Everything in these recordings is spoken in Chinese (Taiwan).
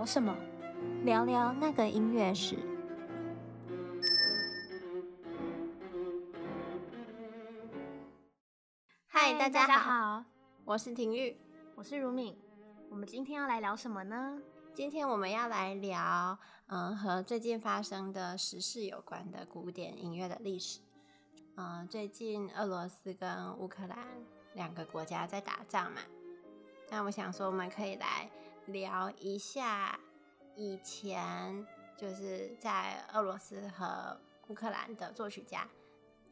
聊什麼？聊聊那個音樂史。嗨，大家好，我是婷玉，我是如敏。我們今天要來聊什麼呢？今天我們要來聊，嗯，和最近發生的時事有關的古典音樂的歷史。嗯，最近俄羅斯跟烏克蘭兩個國家在打仗嘛，那我想說我們可以來。聊一下以前就是在俄羅斯和烏克蘭的作曲家。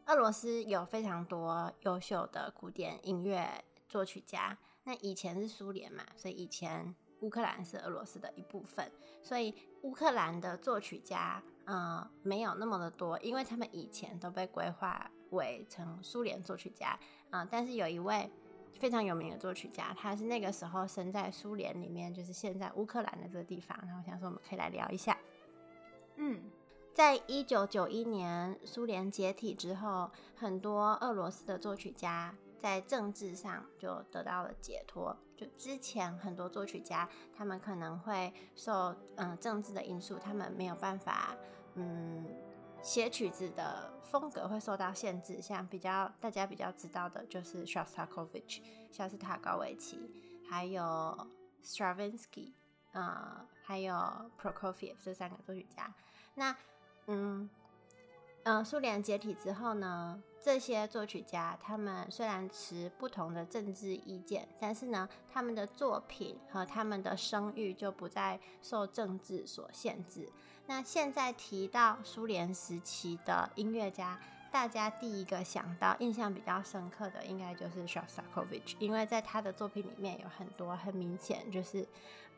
俄羅斯有非常多優秀的古典音樂作曲家。那以前是蘇聯嘛，所以以前烏克蘭是俄羅斯的一部分，所以烏克蘭的作曲家，呃、嗯，沒有那麼的多，因為他們以前都被規劃為成蘇聯作曲家啊、嗯。但是有一位。非常有名的作曲家，他是那個時候生在蘇聯裡面，就是現在烏克蘭的這個地方。然後我想說我們可以來聊一下。嗯，在一九九一年蘇聯解體之後，很多俄羅斯的作曲家在政治上就得到了解脫。就之前很多作曲家，他們可能會受嗯政治的因素，他們沒有辦法嗯。寫曲子的風格會受到限制，像比較大家比較知道的就是 Shostakovich、Shostakovich 還有 Stravinsky，呃，還有 Prokofiev 這三個作曲家。那嗯，呃，蘇聯解體之後呢？這些作曲家，他們雖然持不同的政治意見，但是呢，他們的作品和他們的聲譽就不再受政治所限制。那現在提到蘇聯時期的音樂家，大家第一個想到、印象比較深刻的，應該就是 Shostakovich，因為在他的作品裡面有很多很明顯，就是，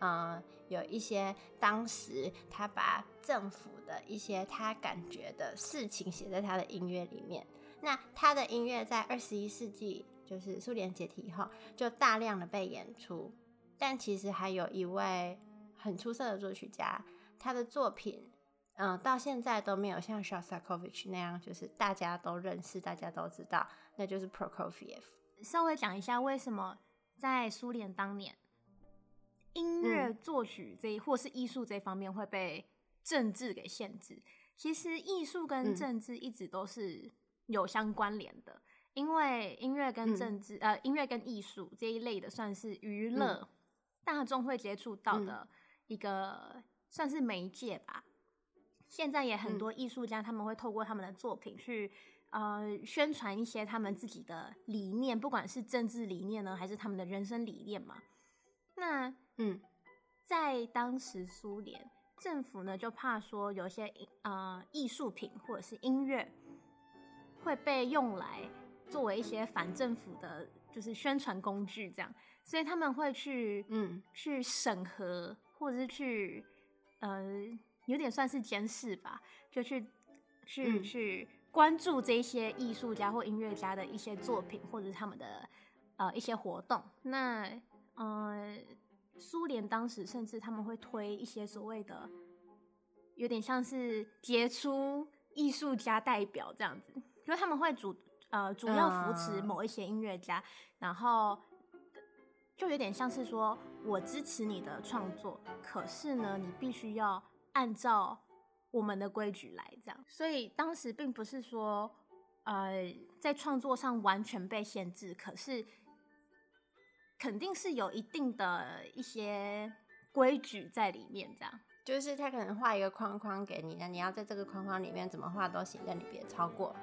嗯，有一些當時他把政府的一些他感覺的事情寫在他的音樂裡面。那他的音樂在二十一世紀，就是蘇聯解體以後，就大量的被演出。但其實還有一位很出色的作曲家，他的作品，嗯、呃，到現在都沒有像 Shostakovich 那樣，就是大家都認識，大家都知道，那就是 Prokofiev。稍微講一下，為什麼在蘇聯當年，音樂作曲這一或是藝術這方面會被政治給限制？其實藝術跟政治一直都是。有相關聯的，因為音樂跟政治，嗯、呃，音樂跟藝術這一類的，算是娛樂、嗯、大眾會接觸到的一個算是媒介吧。嗯、現在也很多藝術家，他們會透過他們的作品去，嗯、呃，宣傳一些他們自己的理念，不管是政治理念呢，還是他們的人生理念嘛。那，嗯，在當時蘇聯政府呢，就怕說有些，呃，藝術品或者是音樂。會被用來作為一些反政府的，就是宣傳工具這樣，所以他們會去，嗯，去審核，或者是去，呃，有點算是監視吧，就去，去，嗯，去關注這些藝術家或音樂家的一些作品，或者是他們的，呃，一些活動。那，呃，蘇聯當時甚至他們會推一些所謂的，有點像是傑出藝術家代表這樣子。因為他們會主呃主要扶持某一些音樂家，嗯，然後就有點像是說我支持你的創作，可是呢，你必須要按照我們的規矩來這樣。所以當時並不是說呃在創作上完全被限制，可是肯定是有一定的一些規矩在裡面這樣。就是他可能畫一個框框給你，你要在這個框框裡面怎麼畫都行，但你別超過。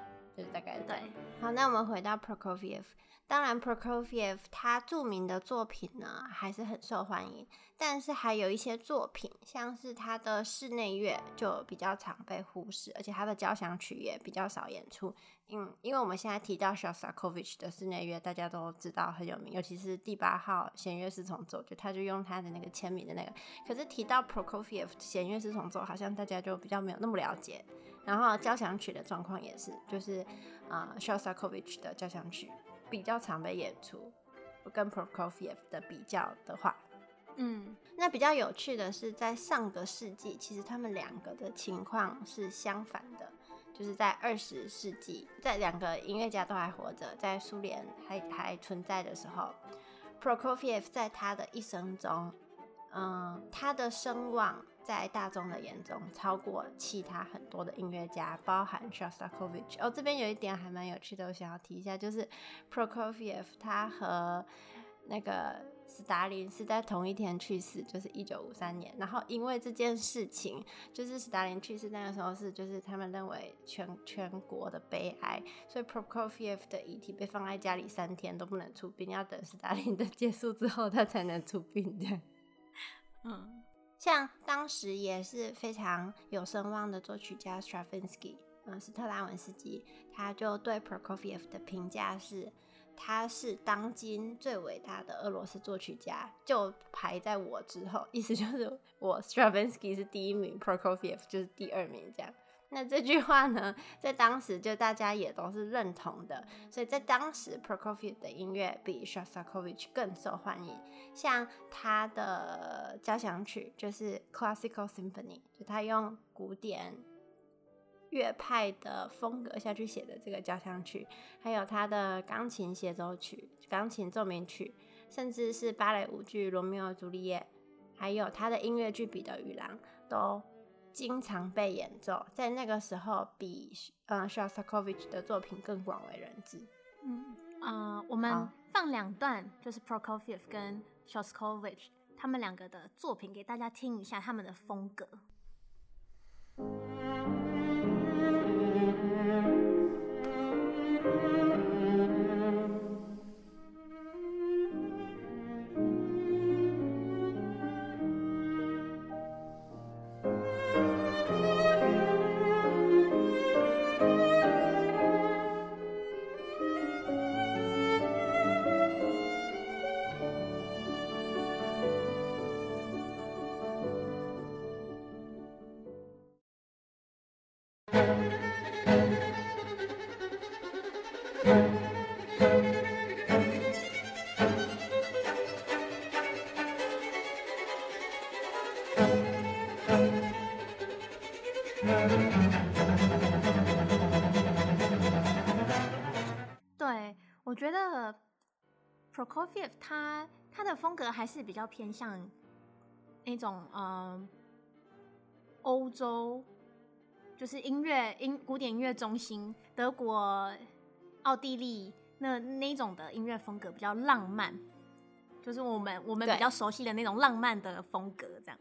大概對，對，好，那我們回到 Prokofiev。當然，Prokofiev 他著名的作品呢還是很受歡迎，但是還有一些作品，像是他的室內樂就比較常被忽視，而且他的交響曲也比較少演出。嗯，因為我們現在提到蕭斯塔科維奇的室內樂，大家都知道很有名，尤其是第八號弦樂四重奏，就他就用他的那個簽名的那個。可是提到 Prokofiev 弦樂四重奏，好像大家就比較沒有那麼了解。然後交響曲的狀況也是，就是啊，蕭斯塔科維奇的交響曲比較常被演出，跟 Prokofiev 的比較的話，嗯，那比較有趣的是，在上個世紀，其實他們兩個的情況是相反的。就是在二十世紀，在兩個音樂家都還活着，在蘇聯還還存在的時候，Prokofiev 在他的一生中，嗯，他的聲望在大眾的眼中超過其他很多的音樂家，包含 Shostakovich。哦，這邊有一點還蠻有趣的，我想要提一下，就是 Prokofiev 他和那個。斯大林是在同一天去世，就是一九五三年。然後因為這件事情，就是斯大林去世那個時候是，就是他們認為全全國的悲哀，所以 Prokofiev 的遺體被放在家裡三天都不能出殯，要等斯大林的結束之後，他才能出殯。對。嗯，像當時也是非常有聲望的作曲家 Stravinsky，嗯，斯特拉文斯基，他就對 Prokofiev 的評價是。他是當今最偉大的俄羅斯作曲家，就排在我之後。意思就是，我 Stravinsky 是第一名，Prokofiev 就是第二名這樣。那這句話呢，在當時就大家也都是認同的。所以在當時，Prokofiev 的音樂比 Shostakovich 更受歡迎。像他的交響曲，就是 Classical Symphony，就他用古典。樂派的風格下去寫的這個交響曲，還有他的鋼琴協奏曲、鋼琴奏鳴曲，甚至是芭蕾舞劇《羅密歐與朱麗葉》，還有他的音樂劇《彼得與狼》，都經常被演奏。在那個時候比，比呃肖斯塔科維奇的作品更廣為人知。嗯啊、呃，我們放兩段、哦，就是 Prokofiev 跟 Shostakovich 他們兩個的作品給大家聽一下他們的風格。Prokofiev 他他的風格還是比較偏向那種嗯歐洲，就是音樂音古典音樂中心德國、奧地利那那種的音樂風格比較浪漫，就是我們我們比較熟悉的那種浪漫的風格這樣。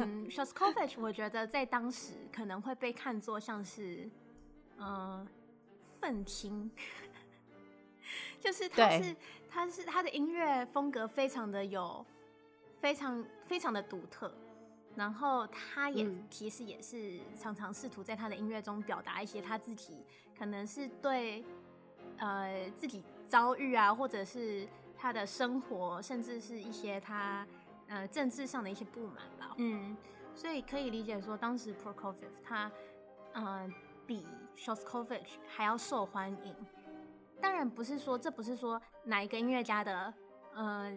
嗯，Shostakovich 我覺得在當時可能會被看作像是嗯憤青。就是他是他是他的音樂風格非常的有非常非常的獨特，然後他也、嗯、其實也是常常試圖在他的音樂中表達一些他自己可能是對呃自己遭遇啊，或者是他的生活，甚至是一些他呃政治上的一些不滿吧。嗯，所以可以理解說，當時 Prokofiev 他嗯、呃、比 Shostakovich 還要受歡迎。當然不是說，這不是說哪一個音樂家的，呃，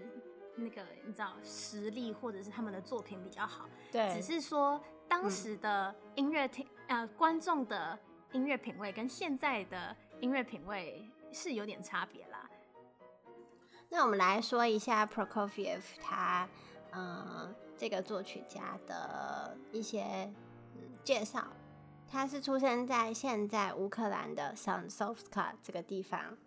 那個你知道實力或者是他們的作品比較好，對，只是說當時的音樂廳、嗯，呃，觀眾的音樂品味跟現在的音樂品味是有點差別啦。那我們來說一下 Prokofiev 他，嗯、呃，這個作曲家的一些介紹。他是出生在現在烏克蘭的聖索夫斯卡這個地方。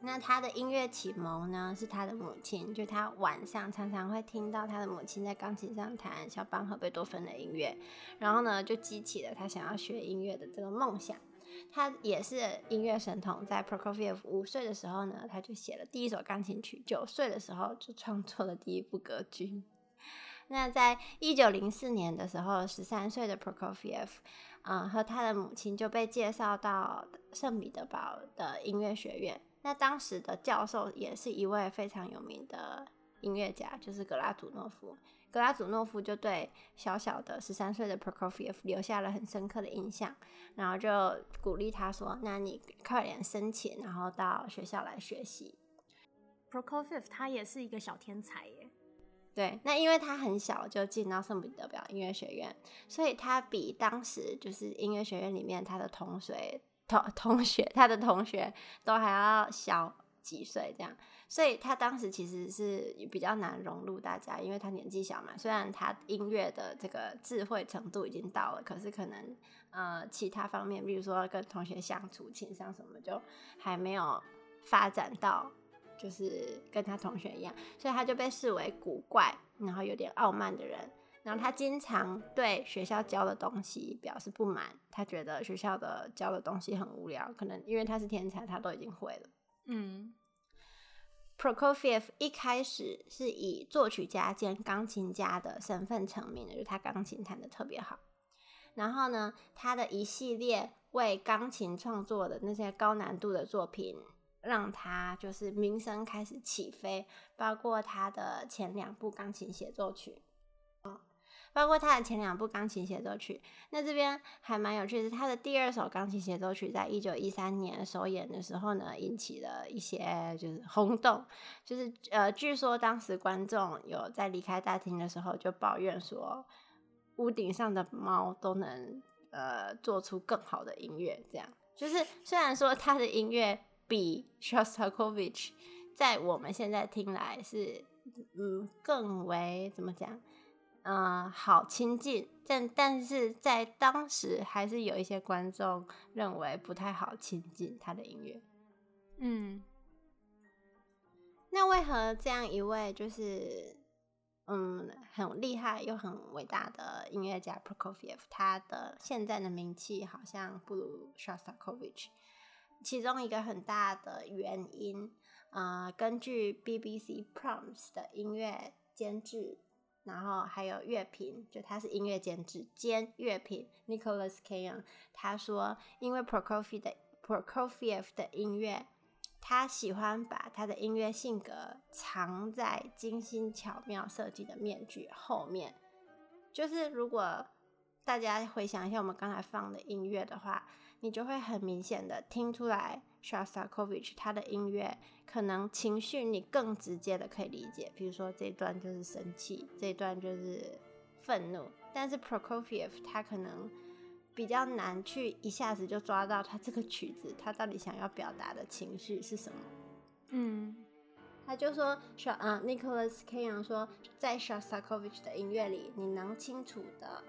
那他的音樂啟蒙呢，是他的母親，就他晚上常常會聽到他的母親在鋼琴上彈肖邦和貝多芬的音樂，然後呢，就激起了他想要學音樂的這個夢想。他也是音樂神童，在 Prokofiev 五歲的時候呢，他就寫了第一首鋼琴曲；九歲的時候就創作了第一部歌劇。 那在一九零四年的時候，十三歲的 Prokofiev。嗯，和他的母親就被介紹到聖彼得堡的音樂學院。那當時的教授也是一位非常有名的音樂家，就是格拉祖諾夫。格拉祖諾夫就對小小的十三歲的 Prokofiev 留下了很深刻的印象，然後就鼓勵他說：“那你快點申請，然後到學校來學習。” Prokofiev 他也是一個小天才耶。對，那因為他很小就進到聖彼得堡音樂學院，所以他比當時就是音樂學院裡面他的同學同同學，他的同學都還要小幾歲，這樣，所以他當時其實是比較難融入大家，因為他年紀小嘛。雖然他音樂的這個智慧程度已經到了，可是可能呃其他方面，比如說跟同學相處、情商什麼，就還沒有發展到。就是跟他同學一樣，所以他就被視為古怪，然後有點傲慢的人。然後他經常對學校教的東西表示不滿，他覺得學校的教的東西很無聊。可能因為他是天才，他都已經會了。嗯，Prokofiev 一開始是以作曲家兼鋼琴家的身份成名的，就是他鋼琴彈得特別好。然後呢，他的一系列為鋼琴創作的那些高難度的作品。讓他就是名聲開始起飛，包括他的前兩部鋼琴協奏曲，哦，包括他的前兩部鋼琴協奏曲。那這邊還蠻有趣的，是他的第二首鋼琴協奏曲，在一九一三年首演的時候呢，引起了一些就是轟動，就是呃，據說當時觀眾有在離開大廳的時候就抱怨說，屋頂上的貓都能呃做出更好的音樂，這樣就是雖然說他的音樂。比 Shostakovich 在我們現在聽來是，嗯，更為怎麼講？嗯、呃，好親近。但但是在當時，還是有一些觀眾認為不太好親近他的音樂。嗯，那為何這樣一位就是嗯很厲害又很偉大的音樂家 Prokofiev，他的現在的名氣好像不如 Shostakovich？其中一個很大的原因，呃，根據 BBC Proms 的音樂監製，然後還有樂評，就他是音樂監製兼樂評 Nicholas Kenyon，他說，因為 Prokofiev 的 Prokofiev 的音樂，他喜歡把他的音樂性格藏在精心巧妙設計的面具後面。就是如果大家回想一下我們剛才放的音樂的話。你就會很明顯的聽出來，Shostakovich 他的音樂可能情緒你更直接的可以理解，比如說這一段就是生氣，這一段就是憤怒。但是 Prokofiev 他可能比較難去一下子就抓到他這個曲子他到底想要表達的情緒是什麼。嗯，他就說，啊 Nicholas Kenyon 說，在 Shostakovich 的音樂裡，你能清楚的。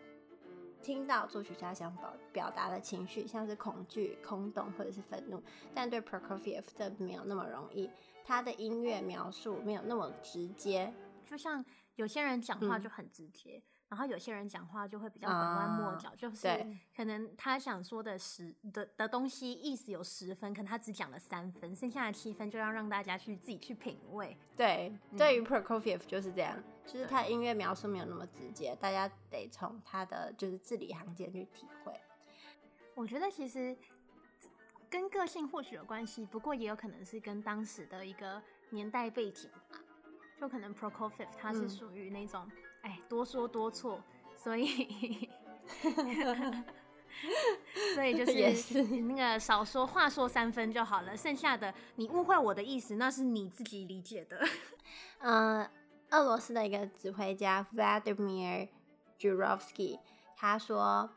聽到作曲家想表表達的情緒，像是恐懼、空洞或者是憤怒，但對 Prokofiev 這沒有那麼容易。他的音樂描述沒有那麼直接，就像有些人講話就很直接。嗯然後有些人講話就會比較拐彎抹角，uh, 就是可能他想說的十的的東西意思有十分，可能他只講了三分，剩下的七分就要讓大家去自己去品味。對，對於 Prokofiev 就是這樣，嗯、就是他的音樂描述沒有那麼直接，大家得從他的就是字裡行間去體會。我覺得其實跟個性或許有關係，不過也有可能是跟當時的一個年代背景。就可能 Prokofiev 他是屬於那種，哎、嗯，多說多錯，所以， 所以就是，也是那個少說，話說三分就好了，剩下的你誤會我的意思，那是你自己理解的。 呃，俄羅斯的一個指揮家 Vladimir Jurovsky 他說。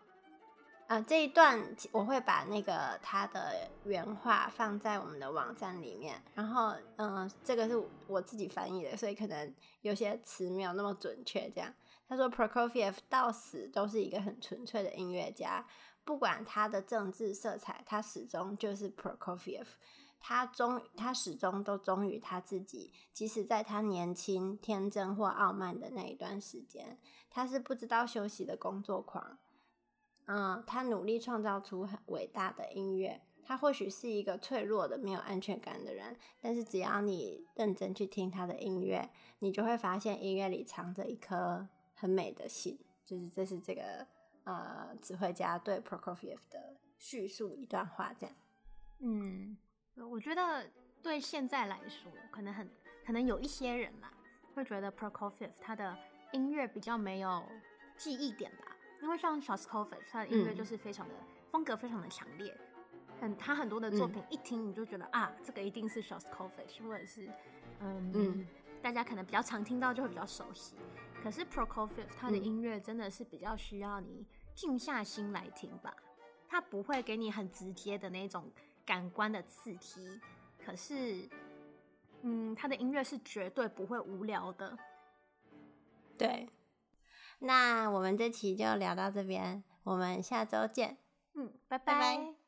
啊、呃，這一段我會把那個他的原話放在我們的網站裡面。然後，嗯、呃，這個是我自己翻譯的，所以可能有些詞沒有那麼準確。這樣，他說，Prokofiev 到死都是一個很純粹的音樂家，不管他的政治色彩，他始終就是 Prokofiev。他忠，他始終都忠於他自己，即使在他年輕、天真或傲慢的那一段時間，他是不知道休息的工作狂。嗯，他努力創造出很偉大的音樂。他或許是一個脆弱的、沒有安全感的人，但是只要你認真去聽他的音樂，你就會發現音樂裡藏着一顆很美的心。就是這是這個呃指揮家對 Prokofiev 的敘述一段話，這樣。嗯，我覺得對現在來說，可能很可能有一些人嘛，會覺得 Prokofiev 他的音樂比較沒有記憶點吧。因為像 Shostakovich，嗯、他的音樂就是非常的風格，非常的強烈。很，他很多的作品一聽你就覺得、嗯、啊，這個一定是 Shostakovich，或者是嗯嗯，大家可能比較常聽到就會比較熟悉。可是 Prokofiev 他的音樂真的是比較需要你靜下心來聽吧，他不會給你很直接的那種感官的刺激。可是，嗯，他的音樂是絕對不會無聊的。對。那我們這期就聊到這邊，我們下週見。嗯，拜拜。拜拜。